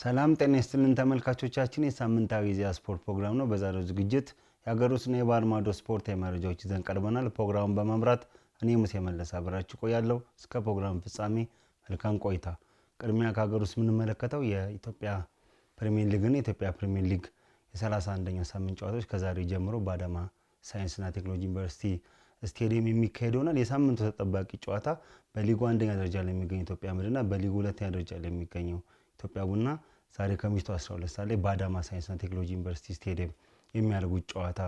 ሰላም ጤና ይስጥልን ተመልካቾቻችን፣ የሳምንታዊ ኢዜአ ስፖርት ፕሮግራም ነው። በዛሬው ዝግጅት የሀገር ውስጥና የባህር ማዶ ስፖርታዊ መረጃዎች ይዘን ቀርበናል። ፕሮግራሙን በመምራት እኔ ሙሴ መለስ አብራችሁ ቆያለሁ። እስከ ፕሮግራም ፍጻሜ መልካም ቆይታ። ቅድሚያ ከሀገር ውስጥ የምንመለከተው የኢትዮጵያ ፕሪሚየር ሊግና የኢትዮጵያ ፕሪሚየር ሊግ የ 31 ሳምንት ጨዋታዎች ከዛሬ ጀምሮ በአዳማ ሳይንስና ቴክኖሎጂ ዩኒቨርሲቲ ስቴዲየም የሚካሄድ ይሆናል። የሳምንቱ ተጠባቂ ጨዋታ በሊጉ አንደኛ ደረጃ ላይ የሚገኘው ኢትዮጵያ መድንና በሊጉ ሁለተኛ ደረጃ ላይ የሚገኘው ኢትዮጵያ ቡና ዛሬ ከምሽቱ 12 ሰዓት ላይ በአዳማ ሳይንስና ቴክኖሎጂ ዩኒቨርሲቲ ስቴዲየም የሚያደርጉት ጨዋታ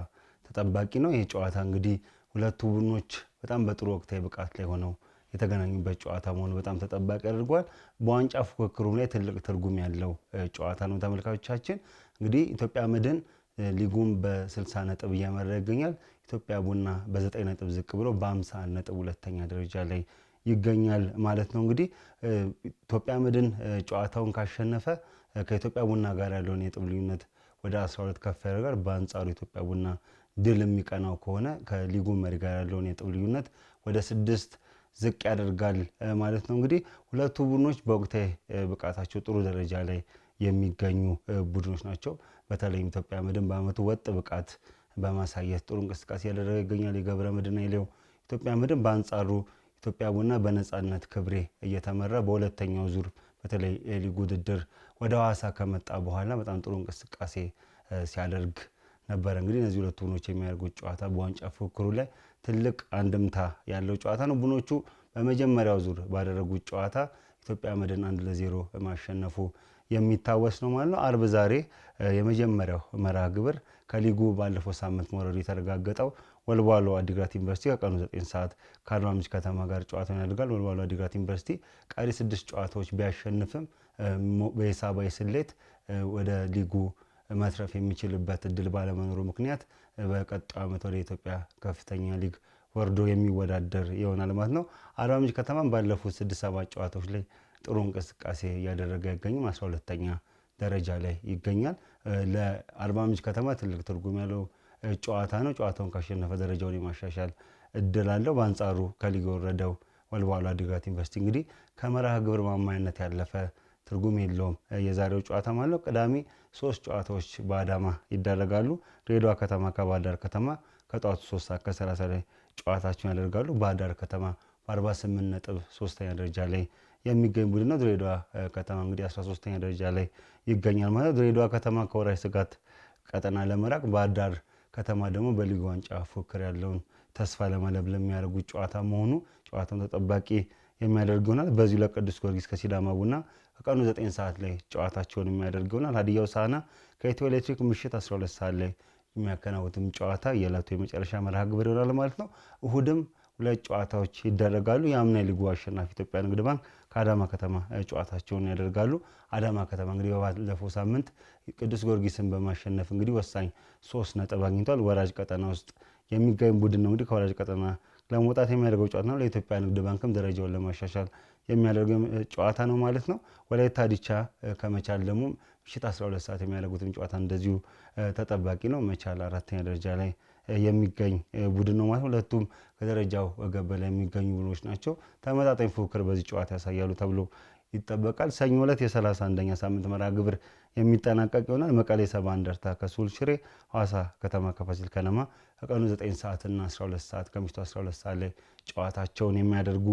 ተጠባቂ ነው። ይህ ጨዋታ እንግዲህ ሁለቱ ቡድኖች በጣም በጥሩ ወቅታዊ ብቃት ላይ ሆነው የተገናኙበት ጨዋታ መሆኑ በጣም ተጠባቂ አድርጓል። በዋንጫ ፉክክሩም ላይ ትልቅ ትርጉም ያለው ጨዋታ ነው። ተመልካቾቻችን እንግዲህ ኢትዮጵያ መድን ሊጉም በ60 ነጥብ እየመራ ይገኛል። ኢትዮጵያ ቡና በ9 ነጥብ ዝቅ ብሎ በ51 ነጥብ ሁለተኛ ደረጃ ላይ ይገኛል ማለት ነው። እንግዲህ ኢትዮጵያ መድን ጨዋታውን ካሸነፈ ከኢትዮጵያ ቡና ጋር ያለውን የጥብ ልዩነት ወደ 12 ከፍ ያደርጋል። በአንጻሩ ኢትዮጵያ ቡና ድል የሚቀናው ከሆነ ከሊጉ መሪ ጋር ያለውን የጥብ ልዩነት ወደ ስድስት ዝቅ ያደርጋል ማለት ነው። እንግዲህ ሁለቱ ቡድኖች በወቅታዊ ብቃታቸው ጥሩ ደረጃ ላይ የሚገኙ ቡድኖች ናቸው። በተለይም ኢትዮጵያ መድን በአመቱ ወጥ ብቃት በማሳየት ጥሩ እንቅስቃሴ ያደረገ ይገኛል። የገብረ መድን ኢትዮጵያ መድን በአንጻሩ ኢትዮጵያ ቡና በነፃነት ክብሬ እየተመራ በሁለተኛው ዙር በተለይ የሊግ ውድድር ወደ ሐዋሳ ከመጣ በኋላ በጣም ጥሩ እንቅስቃሴ ሲያደርግ ነበረ። እንግዲህ እነዚህ ሁለት ቡኖች የሚያደርጉት ጨዋታ በዋንጫ ፉክክሩ ላይ ትልቅ አንድምታ ያለው ጨዋታ ነው። ቡኖቹ በመጀመሪያው ዙር ባደረጉት ጨዋታ ኢትዮጵያ መድን አንድ ለዜሮ ማሸነፉ የሚታወስ ነው ማለት ነው። አርብ ዛሬ የመጀመሪያው መርሃ ግብር ከሊጉ ባለፈው ሳምንት መውረዱ የተረጋገጠው ወልዋሎ አዲግራት ዩኒቨርሲቲ ከቀኑ 9 ሰዓት ከአርባ ምንጭ ከተማ ጋር ጨዋታውን ያደርጋል። ወልዋሎ አዲግራት ዩኒቨርሲቲ ቀሪ ስድስት ጨዋታዎች ቢያሸንፍም በሂሳባዊ ስሌት ወደ ሊጉ መትረፍ የሚችልበት እድል ባለመኖሩ ምክንያት በቀጣዩ ዓመት ወደ ኢትዮጵያ ከፍተኛ ሊግ ወርዶ የሚወዳደር ይሆናል ማለት ነው። አርባ ምንጭ ከተማም ባለፉት ስድስት ሰባት ጨዋታዎች ላይ ጥሩ እንቅስቃሴ እያደረገ አይገኝም። አስራ ሁለተኛ ደረጃ ላይ ይገኛል። ለአርባ ምንጭ ከተማ ትልቅ ትርጉም ያለው ጨዋታ ነው። ጨዋታውን ካሸነፈ ደረጃውን የማሻሻል እድል አለው። በአንጻሩ ከሊግ የወረደው ወልዋሎ ዓዲግራት ዩኒቨርሲቲ እንግዲህ ከመርሃ ግብር ማማኝነት ያለፈ ትርጉም የለውም የዛሬው ጨዋታ ማለት ነው። ቅዳሜ ሶስት ጨዋታዎች በአዳማ ይደረጋሉ። ድሬዳዋ ከተማ ከባህር ዳር ከተማ ከጠዋቱ ሶስት ሰዓት ከሰላሳ ላይ ጨዋታቸውን ያደርጋሉ። ባህር ዳር ከተማ በ48 ነጥብ ሶስተኛ ደረጃ ላይ የሚገኝ ቡድን ነው። ድሬዳዋ ከተማ እንግዲህ 13ኛ ደረጃ ላይ ይገኛል ማለት ነው። ድሬዳዋ ከተማ ከወራጅ ስጋት ቀጠና ለመራቅ ባህር ዳር ከተማ ደግሞ በሊግ ዋንጫ ፉክክር ያለውን ተስፋ ለመለብለም የሚያደርጉ ጨዋታ መሆኑ ጨዋታውን ተጠባቂ የሚያደርግ ይሆናል። በዚሁ ለቅዱስ ጊዮርጊስ ከሲዳማ ቡና ከቀኑ 9 ሰዓት ላይ ጨዋታቸውን የሚያደርግ ይሆናል። ሀዲያ ሆሳዕና ከኢትዮ ኤሌክትሪክ ምሽት 12 ሰዓት ላይ የሚያከናውትም ጨዋታ የዕለቱ የመጨረሻ መርሃ ግብር ይሆናል ማለት ነው። እሁድም ሁለት ጨዋታዎች ይደረጋሉ። የአምና ሊጉ አሸናፊ ኢትዮጵያ ንግድ ባንክ ከአዳማ ከተማ ጨዋታቸውን ያደርጋሉ። አዳማ ከተማ እንግዲህ በባለፈው ሳምንት ቅዱስ ጊዮርጊስን በማሸነፍ እንግዲህ ወሳኝ ሶስት ነጥብ አግኝቷል። ወራጅ ቀጠና ውስጥ የሚገኝ ቡድን ነው። እንግዲህ ከወራጅ ቀጠና ለመውጣት የሚያደርገው ጨዋታ ነው። ለኢትዮጵያ ንግድ ባንክም ደረጃውን ለማሻሻል የሚያደርገው ጨዋታ ነው ማለት ነው። ወላይታ ዲቻ ከመቻል ደግሞ ምሽት 12 ሰዓት የሚያደርጉትን ጨዋታ እንደዚሁ ተጠባቂ ነው። መቻል አራተኛ ደረጃ ላይ የሚገኝ ቡድን ነው ማለት ሁለቱም ከደረጃው በላይ የሚገኙ ቡድኖች ናቸው። ተመጣጣኝ ፉክክር በዚህ ጨዋታ ያሳያሉ ተብሎ ይጠበቃል። ሰኞ ዕለት የሰላሳ አንደኛ ሳምንት መርሃ ግብር የሚጠናቀቅ ይሆናል። መቀሌ ሰባ እንደርታ ከሱል ሽሬ፣ ሐዋሳ ከተማ ከፋሲል ከነማ ከቀኑ 9 ሰዓትና 12 ሰዓት ከምሽቱ 12 ሰዓት ላይ ጨዋታቸውን የሚያደርጉ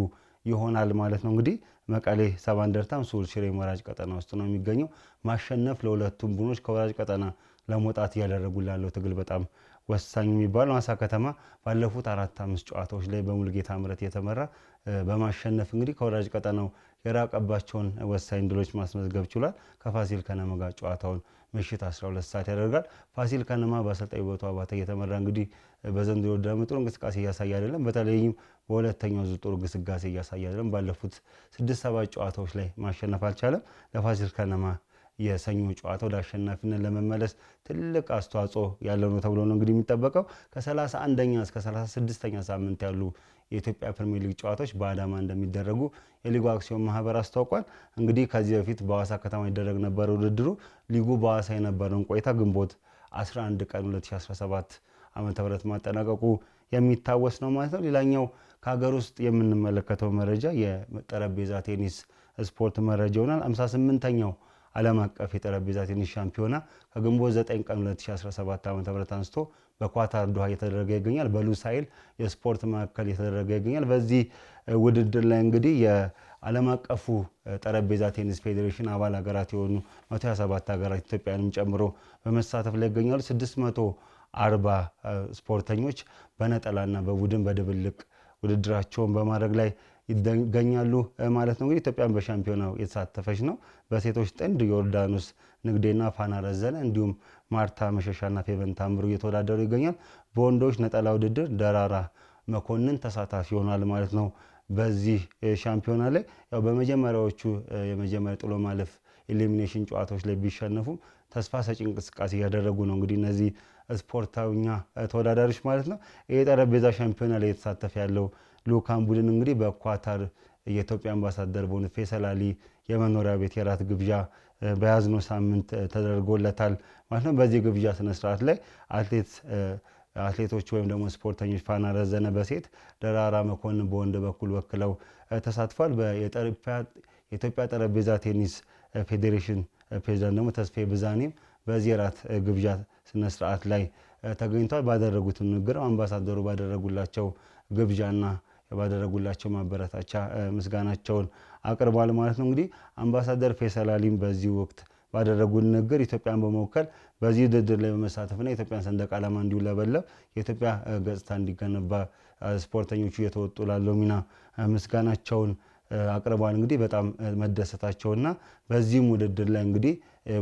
ይሆናል ማለት ነው። እንግዲህ መቀሌ ሰባ እንደርታም ሱል ሽሬ ወራጅ ቀጠና ውስጥ ነው የሚገኘው። ማሸነፍ ለሁለቱም ቡድኖች ከወራጅ ቀጠና ለመውጣት እያደረጉ ላለው ትግል በጣም ወሳኝ የሚባለው ሐዋሳ ከተማ ባለፉት አራት አምስት ጨዋታዎች ላይ በሙልጌታ ምረት የተመራ በማሸነፍ እንግዲህ ከወራጅ ቀጠናው የራቀባቸውን ወሳኝ ድሎች ማስመዝገብ ችሏል። ከፋሲል ከነማ ጋር ጨዋታውን ምሽት 12 ሰዓት ያደርጋል። ፋሲል ከነማ በአሰልጣኝ ውበቱ አባተ እየተመራ እንግዲህ በዘንድሮ ደግሞ ጥሩ እንቅስቃሴ እያሳየ አይደለም። በተለይም በሁለተኛው ዙር ጥሩ ግስጋሴ እያሳየ አይደለም። ባለፉት ስድስት ሰባት ጨዋታዎች ላይ ማሸነፍ አልቻለም። ለፋሲል ከነማ የሰኞ ጨዋታ ወደ አሸናፊነት ለመመለስ ትልቅ አስተዋጽኦ ያለው ነው ተብሎ ነው እንግዲህ የሚጠበቀው። ከ31ኛ እስከ 36ኛ ሳምንት ያሉ የኢትዮጵያ ፕሪሚየር ሊግ ጨዋታዎች በአዳማ እንደሚደረጉ የሊጉ አክሲዮን ማህበር አስታውቋል። እንግዲህ ከዚህ በፊት በሐዋሳ ከተማ ይደረግ ነበረ ውድድሩ። ሊጉ በሐዋሳ የነበረውን ቆይታ ግንቦት 11 ቀን 2017 ዓ ም ማጠናቀቁ የሚታወስ ነው ማለት ነው። ሌላኛው ከሀገር ውስጥ የምንመለከተው መረጃ የጠረጴዛ ቴኒስ ስፖርት መረጃ ይሆናል። 58ኛው ዓለም አቀፍ የጠረጴዛ ቴኒስ ሻምፒዮና ከግንቦት 9 ቀን 2017 ዓ ም አንስቶ በኳታር ዱሃ እየተደረገ ይገኛል። በሉሳይል የስፖርት ማዕከል እየተደረገ ይገኛል። በዚህ ውድድር ላይ እንግዲህ የዓለም አቀፉ ጠረጴዛ ቴኒስ ፌዴሬሽን አባል ሀገራት የሆኑ 127 ሀገራት ኢትዮጵያንም ጨምሮ በመሳተፍ ላይ ይገኛሉ። 640 ስፖርተኞች በነጠላና በቡድን በድብልቅ ውድድራቸውን በማድረግ ላይ ይገኛሉ ማለት ነው። እንግዲህ ኢትዮጵያን በሻምፒዮናው የተሳተፈች ነው። በሴቶች ጥንድ ዮርዳኖስ ንግዴና ፋና ረዘነ እንዲሁም ማርታ መሸሻና ፌቨን ታምሩ እየተወዳደሩ ይገኛል። በወንዶች ነጠላ ውድድር ደራራ መኮንን ተሳታፊ ይሆናል ማለት ነው። በዚህ ሻምፒዮና ላይ ያው በመጀመሪያዎቹ የመጀመሪያ ጥሎ ማለፍ ኤሊሚኔሽን ጨዋታዎች ላይ ቢሸነፉም ተስፋ ሰጪ እንቅስቃሴ እያደረጉ ነው። እንግዲህ እነዚህ ስፖርታዊኛ ተወዳዳሪዎች ማለት ነው። ይህ ጠረጴዛ ሻምፒዮና ላይ የተሳተፈ ያለው ልኡካን ቡድን እንግዲህ በኳታር የኢትዮጵያ አምባሳደር በሆኑ ፌሰላሊ አሊ የመኖሪያ ቤት የራት ግብዣ በያዝነው ሳምንት ተደርጎለታል ማለት ነው። በዚህ ግብዣ ስነስርዓት ላይ አትሌቶች ወይም ደግሞ ስፖርተኞች ፋና ረዘነ በሴት ደራራ መኮንን በወንድ በኩል ወክለው ተሳትፏል። የኢትዮጵያ ጠረጴዛ ቴኒስ ፌዴሬሽን ፕሬዚዳንት ደግሞ ተስፋዬ ብዛኔም በዚህ የራት ግብዣ ስነስርዓት ላይ ተገኝቷል። ባደረጉት ንግግር አምባሳደሩ ባደረጉላቸው ግብዣና ባደረጉላቸው ማበረታቻ ምስጋናቸውን አቅርቧል ማለት ነው። እንግዲህ አምባሳደር ፌይሰል አሊም በዚህ ወቅት ባደረጉ ንግግር ኢትዮጵያን በመወከል በዚህ ውድድር ላይ በመሳተፍና የኢትዮጵያን ሰንደቅ ዓላማ እንዲውለበለብ የኢትዮጵያ ገጽታ እንዲገነባ ስፖርተኞቹ እየተወጡ ላለው ሚና ምስጋናቸውን አቅርቧል። እንግዲህ በጣም መደሰታቸውና በዚህም ውድድር ላይ እንግዲህ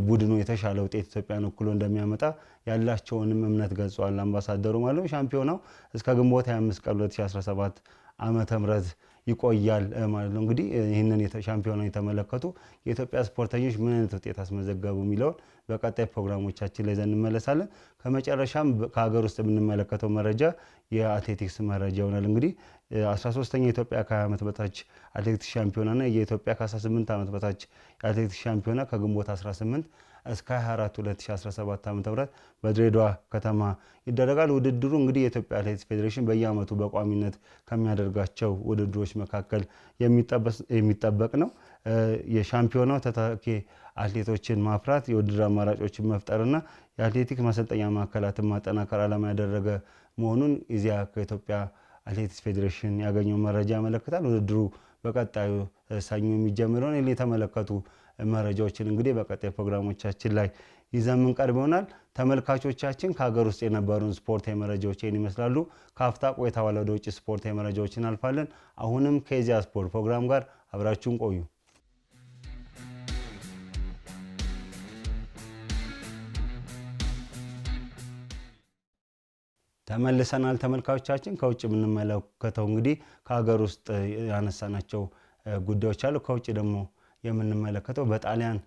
ቡድኑ የተሻለ ውጤት ኢትዮጵያን እኩሎ እንደሚያመጣ ያላቸውንም እምነት ገልጸዋል አምባሳደሩ ማለት ነው። ሻምፒዮናው እስከ ግንቦት 25 ቀን 2017 ዓመተ ምህረት ይቆያል ማለት ነው። እንግዲህ ይህንን ሻምፒዮና የተመለከቱ የኢትዮጵያ ስፖርተኞች ምን አይነት ውጤት አስመዘገቡ የሚለውን በቀጣይ ፕሮግራሞቻችን ላይ ዘንድ እንመለሳለን። ከመጨረሻም ከሀገር ውስጥ የምንመለከተው መረጃ የአትሌቲክስ መረጃ ይሆናል እንግዲህ 13ኛ የኢትዮጵያ ከ20 ዓመት በታች አትሌቲክስ ሻምፒዮናና የኢትዮጵያ ከ18 ዓመት በታች የአትሌቲክስ ሻምፒዮና ከግንቦት 18 እስከ 24 2017 ዓ ም በድሬዳዋ ከተማ ይደረጋል። ውድድሩ እንግዲህ የኢትዮጵያ አትሌቲክስ ፌዴሬሽን በየዓመቱ በቋሚነት ከሚያደርጋቸው ውድድሮች መካከል የሚጠበቅ ነው። የሻምፒዮናው ተተኪ አትሌቶችን ማፍራት፣ የውድድር አማራጮችን መፍጠርና የአትሌቲክስ ማሰልጠኛ ማዕከላትን ማጠናከር ዓላማ ያደረገ መሆኑን ኢዜአ ከኢትዮጵያ አትሌቲክስ ፌዴሬሽን ያገኘው መረጃ ያመለክታል። ውድድሩ በቀጣዩ ሰኞ የሚጀምረውን የተመለከቱ መረጃዎችን እንግዲህ በቀጣይ ፕሮግራሞቻችን ላይ ይዘን የምንቀርብ ይሆናል። ተመልካቾቻችን ከሀገር ውስጥ የነበሩን ስፖርታዊ መረጃዎች ይህን ይመስላሉ። ከአፍታ ቆይታ በኋላ ወደ ውጭ ስፖርታዊ መረጃዎች እናልፋለን። አሁንም ከኢዜአ ስፖርት ፕሮግራም ጋር አብራችሁን ቆዩ። ተመልሰናል ተመልካዮቻችን። ከውጭ የምንመለከተው እንግዲህ ከሀገር ውስጥ ያነሳናቸው ጉዳዮች አሉ። ከውጭ ደግሞ የምንመለከተው በጣሊያን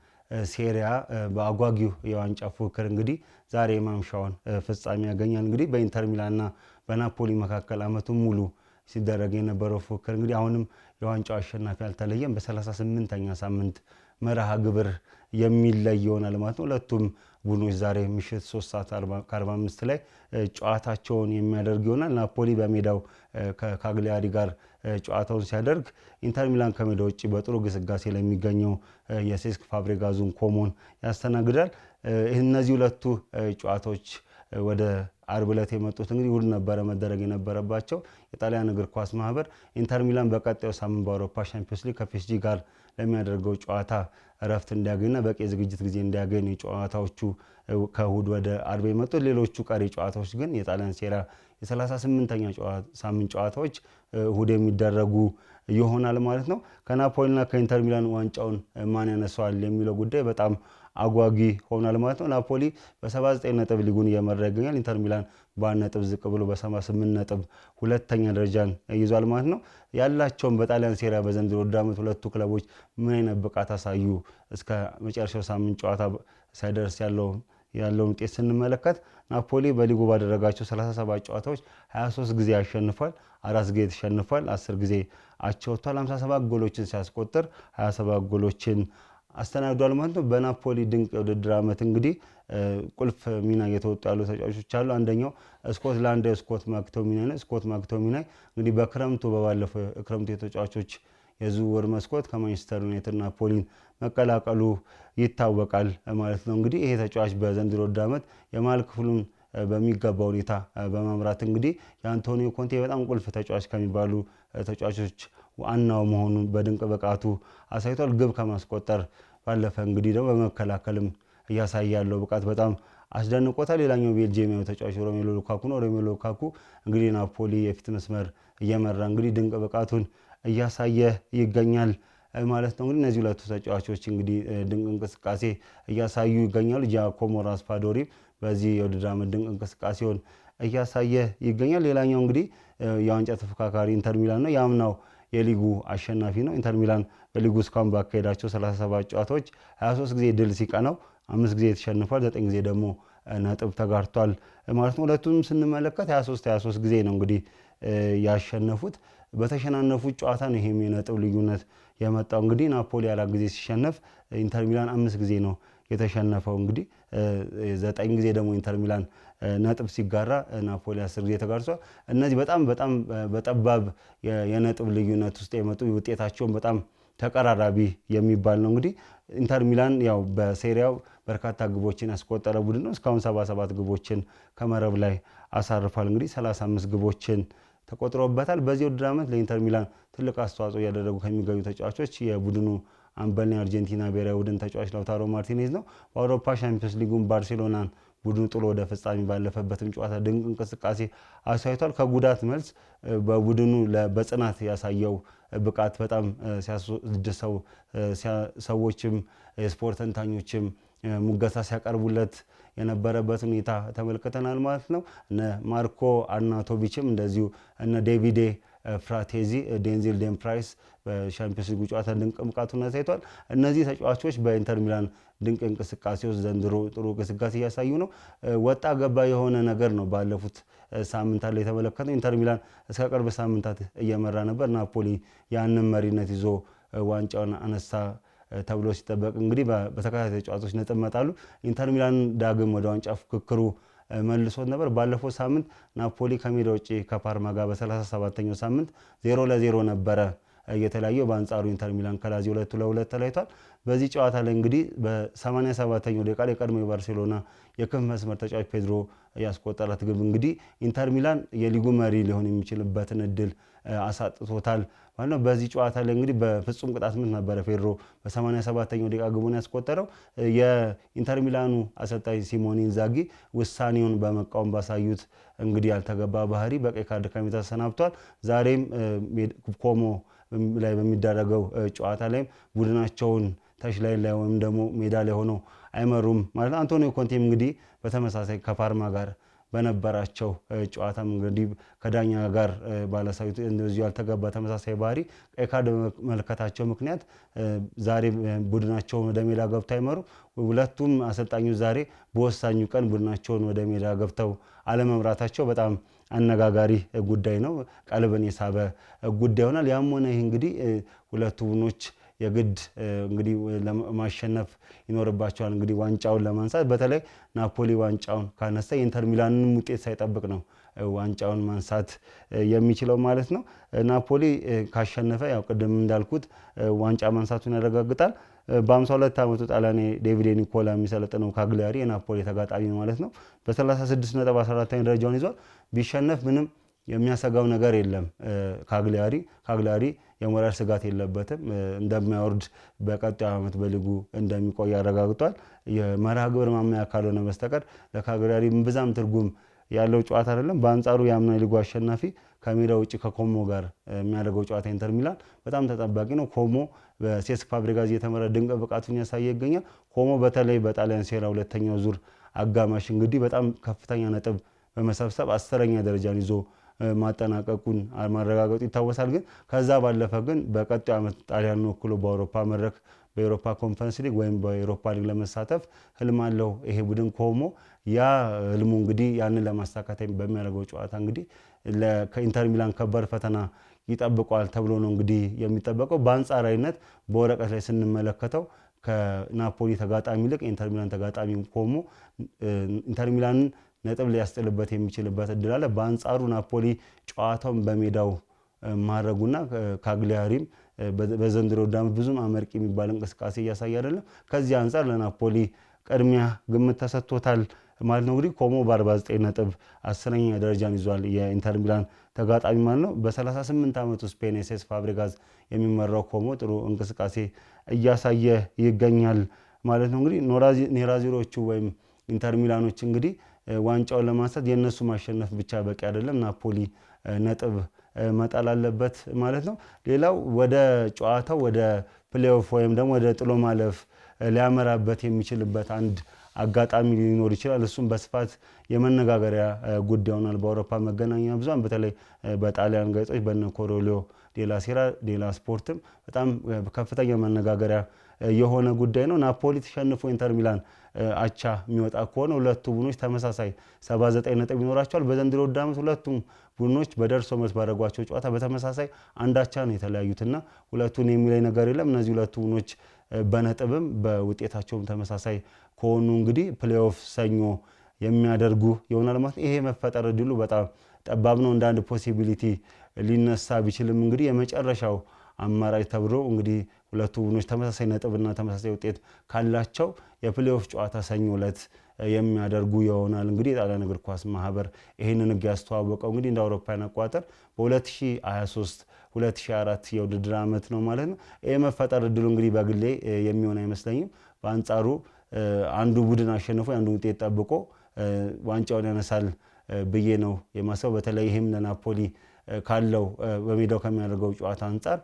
ሴሪያ በአጓጊው የዋንጫ ፉክክር እንግዲህ ዛሬ ማምሻውን ፍጻሜ ያገኛል። እንግዲህ በኢንተር ሚላንና በናፖሊ መካከል አመቱ ሙሉ ሲደረግ የነበረው ፉክክር እንግዲህ አሁንም የዋንጫው አሸናፊ አልተለየም። በ38ኛ ሳምንት መርሃ ግብር የሚለይ ይሆናል ማለት ነው። ሁለቱም ቡድኖች ዛሬ ምሽት 3 ሰዓት ከአርባ ላይ ጨዋታቸውን የሚያደርግ ይሆናል። ናፖሊ በሜዳው ከካግሊያሪ ጋር ጨዋታውን ሲያደርግ ኢንተር ሚላን ከሜዳ ውጭ በጥሩ ግስጋሴ ላይ የሚገኘው የሴስክ ፋብሪጋዙን ኮሞን ያስተናግዳል። እነዚህ ሁለቱ ጨዋታዎች ወደ አርብ ዕለት የመጡት እንግዲህ እሑድ ነበረ መደረግ የነበረባቸው። የጣሊያን እግር ኳስ ማህበር ኢንተር ሚላን በቀጣዩ ሳምንት በአውሮፓ ሻምፒዮንስ ሊግ ከፒኤስጂ ጋር ለሚያደርገው ጨዋታ እረፍት እንዲያገኙና በቂ ዝግጅት ጊዜ እንዲያገኝ ጨዋታዎቹ ከእሁድ ወደ አርብ የመጡ ሌሎቹ ቀሪ ጨዋታዎች ግን የጣሊያን ሴራ የሰላሳ ስምንተኛ ሳምንት ጨዋታዎች እሁድ የሚደረጉ ይሆናል ማለት ነው። ከናፖሊና ከኢንተር ሚላን ዋንጫውን ማን ያነሳዋል የሚለው ጉዳይ በጣም አጓጊ ሆኗል ማለት ነው። ናፖሊ በ79 ነጥብ ሊጉን እየመራ ይገኛል። ኢንተር ሚላን በአንድ ነጥብ ዝቅ ብሎ በ78 ነጥብ ሁለተኛ ደረጃን ይዟል ማለት ነው። ያላቸውን በጣሊያን ሴሪያ በዘንድሮ ወደ ዓመት ሁለቱ ክለቦች ምን አይነት ብቃት አሳዩ እስከ መጨረሻው ሳምንት ጨዋታ ሳይደርስ ያለው ያለውን ውጤት ስንመለከት ናፖሊ በሊጉ ባደረጋቸው 37 ጨዋታዎች 23 ጊዜ አሸንፏል አራት ጊዜ ተሸንፏል፣ 10 ጊዜ አቻ ወጥቷል። 57 ጎሎችን ሲያስቆጥር 27 ጎሎችን አስተናግዷል ማለት ነው። በናፖሊ ድንቅ የውድድር ዓመት እንግዲህ ቁልፍ ሚና እየተወጡ ያሉ ተጫዋቾች አሉ። አንደኛው ስኮትላንድ ስኮት ማክቶሚናይ ስኮት ማክቶሚናይ እንግዲህ በክረምቱ በባለፈው ክረምቱ የተጫዋቾች የዝውውር መስኮት ከማንቸስተር ዩናይትድ ናፖሊን መቀላቀሉ ይታወቃል ማለት ነው። እንግዲህ ይሄ ተጫዋች በዘንድሮ ውድድር ዓመት የመሃል ክፍሉን በሚገባ ሁኔታ በመምራት እንግዲህ የአንቶኒዮ ኮንቴ በጣም ቁልፍ ተጫዋች ከሚባሉ ተጫዋቾች ዋናው መሆኑን በድንቅ ብቃቱ አሳይቷል። ግብ ከማስቆጠር ባለፈ እንግዲህ ደግሞ በመከላከልም እያሳየ ያለው ብቃት በጣም አስደንቆታል። ሌላኛው ቤልጅየማዊ ተጫዋች ሮሜሎ ሉካኩ ነው። ሮሜሎ ሉካኩ እንግዲህ ናፖሊ የፊት መስመር እየመራ እንግዲህ ድንቅ ብቃቱን እያሳየ ይገኛል ማለት ነው። እንግዲህ እነዚህ ሁለቱ ተጫዋቾች እንግዲህ ድንቅ እንቅስቃሴ እያሳዩ ይገኛሉ። ጃኮሞ ራስፓዶሪ በዚህ የውድድር ዓመት ድንቅ እንቅስቃሴውን እያሳየ ይገኛል። ሌላኛው እንግዲህ የዋንጫ ተፎካካሪ ኢንተር ሚላን ነው። ያምናው የሊጉ አሸናፊ ነው። ኢንተር ሚላን በሊጉ እስካሁን ባካሄዳቸው 37 ጨዋታዎች 23 ጊዜ ድል ሲቀናው አምስት ጊዜ ተሸንፏል፣ ዘጠኝ ጊዜ ደግሞ ነጥብ ተጋርቷል ማለት ነው። ሁለቱም ስንመለከት 23 23 ጊዜ ነው እንግዲህ ያሸነፉት። በተሸናነፉት ጨዋታ ነው ይሄም የነጥብ ልዩነት የመጣው። እንግዲህ ናፖሊ አራት ጊዜ ሲሸነፍ ኢንተር ሚላን አምስት ጊዜ ነው የተሸነፈው። እንግዲህ ዘጠኝ ጊዜ ደግሞ ኢንተር ሚላን ነጥብ ሲጋራ ናፖሊ አስር ጊዜ ተጋርሷል። እነዚህ በጣም በጣም በጠባብ የነጥብ ልዩነት ውስጥ የመጡ ውጤታቸውን በጣም ተቀራራቢ የሚባል ነው። እንግዲህ ኢንተር ሚላን ያው በሴሪያው በርካታ ግቦችን ያስቆጠረ ቡድን ነው። እስካሁን 77 ግቦችን ከመረብ ላይ አሳርፏል። እንግዲህ 35 ግቦችን ተቆጥሮበታል። በዚህ ውድድር ዓመት ለኢንተር ሚላን ትልቅ አስተዋጽኦ እያደረጉ ከሚገኙ ተጫዋቾች የቡድኑ አምበልና የአርጀንቲና ብሔራዊ ቡድን ተጫዋች ላውታሮ ማርቲኔዝ ነው። በአውሮፓ ሻምፒዮንስ ሊጉን ባርሴሎናን ቡድኑ ጥሎ ወደ ፍጻሜ ባለፈበትም ጨዋታ ድንቅ እንቅስቃሴ አሳይቷል። ከጉዳት መልስ በቡድኑ በጽናት ያሳየው ብቃት በጣም ሲያስደሰው ሰዎችም የስፖርት ተንታኞችም ሙገሳ ሲያቀርቡለት የነበረበት ሁኔታ ተመልክተናል ማለት ነው። እነ ማርኮ አርናቶቪችም እንደዚሁ እነ ዴቪዴ ፍራቴዚ፣ ዴንዚል ዴምፍራይስ በሻምፒዮንስ ሊጉ ጨዋታ ድንቅ ብቃቱን አሳይቷል። እነዚህ ተጫዋቾች በኢንተር ሚላን ድንቅ እንቅስቃሴ ውስጥ ዘንድሮ ጥሩ እንቅስቃሴ እያሳዩ ነው። ወጣ ገባ የሆነ ነገር ነው ባለፉት ሳምንታት ላይ የተመለከተው። ኢንተር ሚላን እስከ ቅርብ ሳምንታት እየመራ ነበር። ናፖሊ ያንን መሪነት ይዞ ዋንጫውን አነሳ ተብሎ ሲጠበቅ እንግዲህ በተከታታይ ተጫዋቾች ነጥብ መጣሉ ኢንተር ሚላን ዳግም ወደ ዋንጫ ፉክክሩ መልሶት ነበር። ባለፈው ሳምንት ናፖሊ ከሜዳ ውጭ ከፓርማ ጋር በ37ኛው ሳምንት ዜሮ ለዜሮ ነበረ እየተለያየው በአንጻሩ ኢንተር ሚላን ከላዚ ሁለቱ ለሁለት ተለያይቷል። በዚህ ጨዋታ ላይ እንግዲህ በ87ኛው ደቂቃ ላይ የቀድሞ የባርሴሎና የክንፍ መስመር ተጫዋች ፔድሮ ያስቆጠራት ግብ እንግዲህ ኢንተር ሚላን የሊጉ መሪ ሊሆን የሚችልበትን እድል አሳጥቶታል ማለት ነው። በዚህ ጨዋታ ላይ እንግዲህ በፍጹም ቅጣት ምት ነበረ ፌድሮ በ87ኛው ደቂቃ ግቡን ያስቆጠረው። የኢንተር ሚላኑ አሰልጣኝ ሲሞኔ ኢንዛጊ ውሳኔውን በመቃወም ባሳዩት እንግዲህ ያልተገባ ባህሪ በቀይ ካርድ ከሜዳ ተሰናብቷል። ዛሬም ኮሞ ላይ በሚደረገው ጨዋታ ላይም ቡድናቸውን ተሽ ላይ ላይ ወይም ደግሞ ሜዳ ላይ ሆነው አይመሩም ማለት ነው። አንቶኒዮ ኮንቴም እንግዲህ በተመሳሳይ ከፓርማ ጋር በነበራቸው ጨዋታም እንግዲህ ከዳኛ ጋር ባለሳዊቱ እንደዚሁ ያልተገባ ተመሳሳይ ባህሪ ቀይ ካርድ በመመልከታቸው ምክንያት ዛሬ ቡድናቸውን ወደ ሜዳ ገብተው አይመሩ። ሁለቱም አሰልጣኙ ዛሬ በወሳኙ ቀን ቡድናቸውን ወደ ሜዳ ገብተው አለመምራታቸው በጣም አነጋጋሪ ጉዳይ ነው። ቀልብን የሳበ ጉዳይ ይሆናል። ያም ሆነ ይህ እንግዲህ ሁለቱ ቡድኖች የግድ እንግዲህ ማሸነፍ ይኖርባቸዋል። እንግዲህ ዋንጫውን ለማንሳት በተለይ ናፖሊ ዋንጫውን ካነሳ የኢንተር ሚላንንም ውጤት ሳይጠብቅ ነው ዋንጫውን ማንሳት የሚችለው ማለት ነው። ናፖሊ ካሸነፈ ያው ቅድም እንዳልኩት ዋንጫ ማንሳቱን ያረጋግጣል። በ52 ዓመቱ ጣሊያኔ ዴቪድ ኒኮላ የሚሰለጥነው ካግሊያሪ የናፖሊ ተጋጣሚ ማለት ነው። በ36 ነጥብ 14ኛ ደረጃውን ይዟል። ቢሸነፍ ምንም የሚያሰጋው ነገር የለም። ካግሊያሪ ካግሊያሪ የሞራል ስጋት የለበትም። እንደማይወርድ በቀጣዩ ዓመት በሊጉ እንደሚቆይ አረጋግጧል። የመርሃ ግብር ማመያ ካልሆነ በስተቀር ለካግሊያሪ ብዛም ትርጉም ያለው ጨዋታ አይደለም። በአንጻሩ የአምና ሊጉ አሸናፊ ከሜዳ ውጭ ከኮሞ ጋር የሚያደርገው ጨዋታ ኢንተር ሚላን በጣም ተጠባቂ ነው። ኮሞ በሴስክ ፋብሪጋዝ የተመራ ድንቅ ብቃቱን ያሳየ ይገኛል። ኮሞ በተለይ በጣሊያን ሴራ ሁለተኛው ዙር አጋማሽ እንግዲህ በጣም ከፍተኛ ነጥብ በመሰብሰብ አስረኛ ደረጃን ይዞ ማጠናቀቁን ማረጋገጡ ይታወሳል። ግን ከዛ ባለፈ ግን በቀጣዩ ዓመት ጣሊያን ወክሎ በአውሮፓ መድረክ በኤሮፓ ኮንፈረንስ ሊግ ወይም በኤሮፓ ሊግ ለመሳተፍ ህልም አለው ይሄ ቡድን ኮሞ። ያ ህልሙ እንግዲህ ያንን ለማሳካት በሚያደርገው ጨዋታ እንግዲህ ከኢንተር ሚላን ከባድ ፈተና ይጠብቋል ተብሎ ነው እንግዲህ የሚጠበቀው። በአንጻራዊነት በወረቀት ላይ ስንመለከተው ከናፖሊ ተጋጣሚ ይልቅ ኢንተር ሚላን ተጋጣሚ ኮሞ ኢንተር ሚላንን ነጥብ ሊያስጥልበት የሚችልበት እድል አለ። በአንጻሩ ናፖሊ ጨዋታውን በሜዳው ማድረጉና ካግሊያሪም በዘንድሮ ዳም ብዙም አመርቂ የሚባል እንቅስቃሴ እያሳየ አይደለም። ከዚህ አንጻር ለናፖሊ ቅድሚያ ግምት ተሰጥቶታል ማለት ነው። እንግዲህ ኮሞ በ49 ነጥብ አስረኛ ደረጃን ይዟል የኢንተር ሚላን ተጋጣሚ ማለት ነው። በ38 ዓመቱ ስፔን ሴስ ፋብሪጋዝ የሚመራው ኮሞ ጥሩ እንቅስቃሴ እያሳየ ይገኛል ማለት ነው። እንግዲህ ኔራዚሮቹ ወይም ኢንተር ሚላኖች እንግዲህ ዋንጫውን ለማንሳት የእነሱ ማሸነፍ ብቻ በቂ አይደለም። ናፖሊ ነጥብ መጣል አለበት ማለት ነው። ሌላው ወደ ጨዋታው ወደ ፕሌኦፍ ወይም ደግሞ ወደ ጥሎ ማለፍ ሊያመራበት የሚችልበት አንድ አጋጣሚ ሊኖር ይችላል። እሱም በስፋት የመነጋገሪያ ጉዳይ ሆናል። በአውሮፓ መገናኛ ብዙኃን በተለይ በጣሊያን ጋዜጦች በነ ኮሮሊዮ ዴላ ሴራ ዴላ ስፖርትም በጣም ከፍተኛ መነጋገሪያ የሆነ ጉዳይ ነው። ናፖሊ ተሸንፎ ኢንተር ሚላን አቻ የሚወጣ ከሆነ ሁለቱ ቡድኖች ተመሳሳይ 79 ነጥብ ይኖራቸዋል። በዘንድሮ ዓመት ሁለቱም ቡድኖች በደርሶ መልስ ባደረጓቸው ጨዋታ በተመሳሳይ አንድ አቻ ነው የተለያዩትና ሁለቱን የሚለይ ነገር የለም። እነዚህ ሁለቱ ቡድኖች በነጥብም በውጤታቸውም ተመሳሳይ ከሆኑ እንግዲህ ፕሌኦፍ ሰኞ የሚያደርጉ ይሆናል ማለት ነው። ይሄ መፈጠር እድሉ በጣም ጠባብ ነው። እንዳንድ ፖሲቢሊቲ ሊነሳ ቢችልም እንግዲህ የመጨረሻው አማራጭ ተብሎ እንግዲህ ሁለቱ ቡድኖች ተመሳሳይ ነጥብና ተመሳሳይ ውጤት ካላቸው የፕሌኦፍ ጨዋታ ሰኞ ዕለት የሚያደርጉ ይሆናል። እንግዲህ የጣሊያን እግር ኳስ ማህበር ይህንን ህግ ያስተዋወቀው እንግዲህ እንደ አውሮፓውያን አቆጣጠር በ2023 2024 የውድድር ዓመት ነው ማለት ነው። ይህ መፈጠር እድሉ እንግዲህ በግሌ የሚሆን አይመስለኝም። በአንጻሩ አንዱ ቡድን አሸንፎ አንዱ ውጤት ጠብቆ ዋንጫውን ያነሳል ብዬ ነው የማስበው። በተለይ ይህም ለናፖሊ ካለው በሜዳው ከሚያደርገው ጨዋታ አንጻር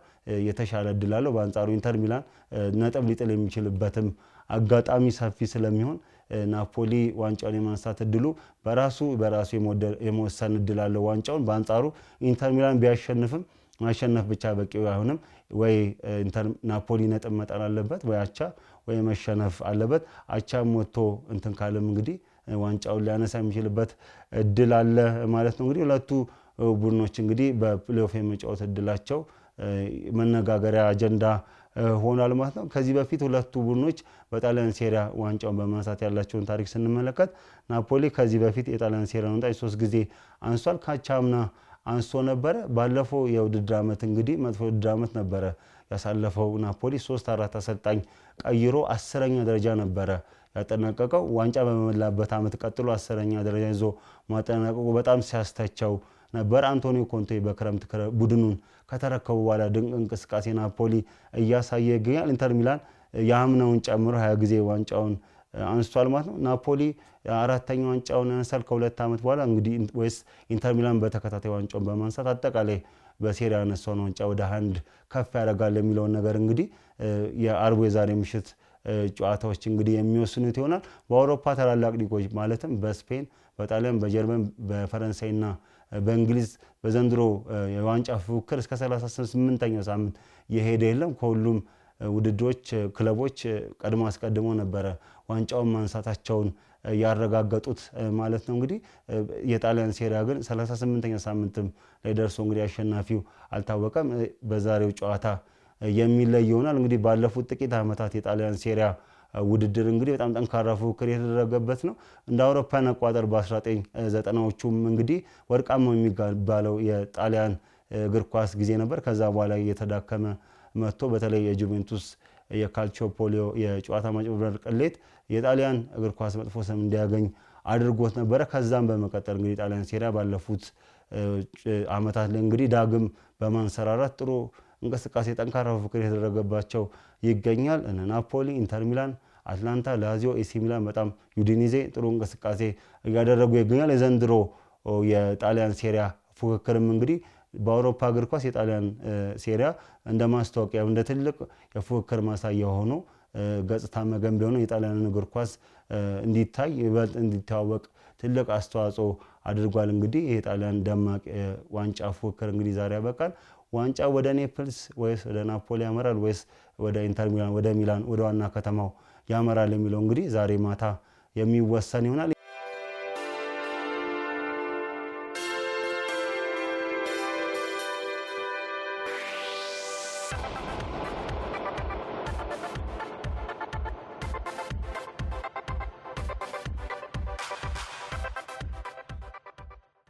የተሻለ እድል አለው። በአንጻሩ ኢንተር ሚላን ነጥብ ሊጥል የሚችልበትም አጋጣሚ ሰፊ ስለሚሆን ናፖሊ ዋንጫውን የማንሳት እድሉ በራሱ በራሱ የመወሰን እድል አለው ዋንጫውን። በአንጻሩ ኢንተር ሚላን ቢያሸንፍም ማሸነፍ ብቻ በቂ አይሆንም። ወይ ናፖሊ ነጥብ መጣል አለበት፣ ወይ አቻ ወይ መሸነፍ አለበት። አቻም ወጥቶ እንትን ካለም እንግዲህ ዋንጫውን ሊያነሳ የሚችልበት እድል አለ ማለት ነው። እንግዲህ ሁለቱ ቡድኖች እንግዲህ በፕሌኦፍ የመጫወት እድላቸው መነጋገሪያ አጀንዳ ሆኗል ማለት ነው። ከዚህ በፊት ሁለቱ ቡድኖች በጣሊያን ሴሪያ ዋንጫውን በማንሳት ያላቸውን ታሪክ ስንመለከት ናፖሊ ከዚህ በፊት የጣሊያን ሴሪያ ዋንጫ ሶስት ጊዜ አንሷል። ካቻምና አንስቶ ነበረ። ባለፈው የውድድር ዓመት እንግዲህ መጥፎ የውድድር ዓመት ነበረ ያሳለፈው ናፖሊ ሶስት አራት አሰልጣኝ ቀይሮ አስረኛ ደረጃ ነበረ ያጠናቀቀው። ዋንጫ በመላበት ዓመት ቀጥሎ አስረኛ ደረጃ ይዞ ማጠናቀቁ በጣም ሲያስተቸው ነበር። አንቶኒዮ ኮንቴ በክረምት ቡድኑን ከተረከቡ በኋላ ድንቅ እንቅስቃሴ ናፖሊ እያሳየ ይገኛል። ኢንተር ሚላን የአምናውን ጨምሮ ሀያ ጊዜ ዋንጫውን አንስቷል ማለት ነው። ናፖሊ አራተኛ ዋንጫውን ያነሳል ከሁለት ዓመት በኋላ እንግዲህ ወይስ ኢንተር ሚላን በተከታታይ ዋንጫውን በማንሳት አጠቃላይ በሴሪያ ያነሳውን ዋንጫ ወደ አንድ ከፍ ያደርጋል የሚለውን ነገር እንግዲህ የአርቡ የዛሬ ምሽት ጨዋታዎች እንግዲህ የሚወስኑት ይሆናል። በአውሮፓ ታላላቅ ሊጎች ማለትም በስፔን፣ በጣሊያን፣ በጀርመን፣ በፈረንሳይና በእንግሊዝ በዘንድሮ የዋንጫ ፉክክር እስከ 38 ኛ ሳምንት የሄደ የለም። ከሁሉም ውድድሮች ክለቦች ቀድሞ አስቀድሞ ነበረ ዋንጫውን ማንሳታቸውን ያረጋገጡት ማለት ነው። እንግዲህ የጣሊያን ሴሪያ ግን 38ኛ ሳምንትም ላይ ደርሶ እንግዲህ አሸናፊው አልታወቀም። በዛሬው ጨዋታ የሚለይ ይሆናል። እንግዲህ ባለፉት ጥቂት ዓመታት የጣሊያን ሴሪያ ውድድር እንግዲህ በጣም ጠንካራ ፉክክር የተደረገበት ነው። እንደ አውሮፓን አቋጠር በ1990ዎቹም እንግዲህ ወርቃማ የሚባለው የጣሊያን እግር ኳስ ጊዜ ነበር። ከዛ በኋላ እየተዳከመ መጥቶ በተለይ የጁቬንቱስ የካልቾ ፖሊዮ የጨዋታ ማጭበርበር ቅሌት የጣሊያን እግር ኳስ መጥፎ ስም እንዲያገኝ አድርጎት ነበረ። ከዛም በመቀጠል እንግዲህ ጣሊያን ሴሪያ ባለፉት ዓመታት ላይ እንግዲህ ዳግም በማንሰራራት ጥሩ እንቅስቃሴ ጠንካራ ፉክክር የተደረገባቸው ይገኛል። እነ ናፖሊ፣ ኢንተር ሚላን፣ አትላንታ፣ ላዚዮ፣ ኤሲ ሚላን በጣም ዩዲኒዜ ጥሩ እንቅስቃሴ እያደረጉ ይገኛል። የዘንድሮ የጣሊያን ሴሪያ ፉክክርም እንግዲህ በአውሮፓ እግር ኳስ የጣሊያን ሴሪያ እንደ ማስታወቂያ እንደ ትልቅ የፉክክር ማሳያ ሆኖ ገጽታ መገንቢ የሆነ የጣሊያንን እግር ኳስ እንዲታይ ይበልጥ እንዲታወቅ ትልቅ አስተዋጽኦ አድርጓል። እንግዲህ ይህ የጣሊያን ደማቅ ዋንጫ ፉክክር እንግዲህ ዛሬ ያበቃል። ዋንጫ ወደ ኔፕልስ ወይስ ወደ ናፖሊ ያመራል ወይስ ወደ ኢንተር ሚላን ወደ ሚላን ወደ ዋና ከተማው ያመራል የሚለው እንግዲህ ዛሬ ማታ የሚወሰን ይሆናል።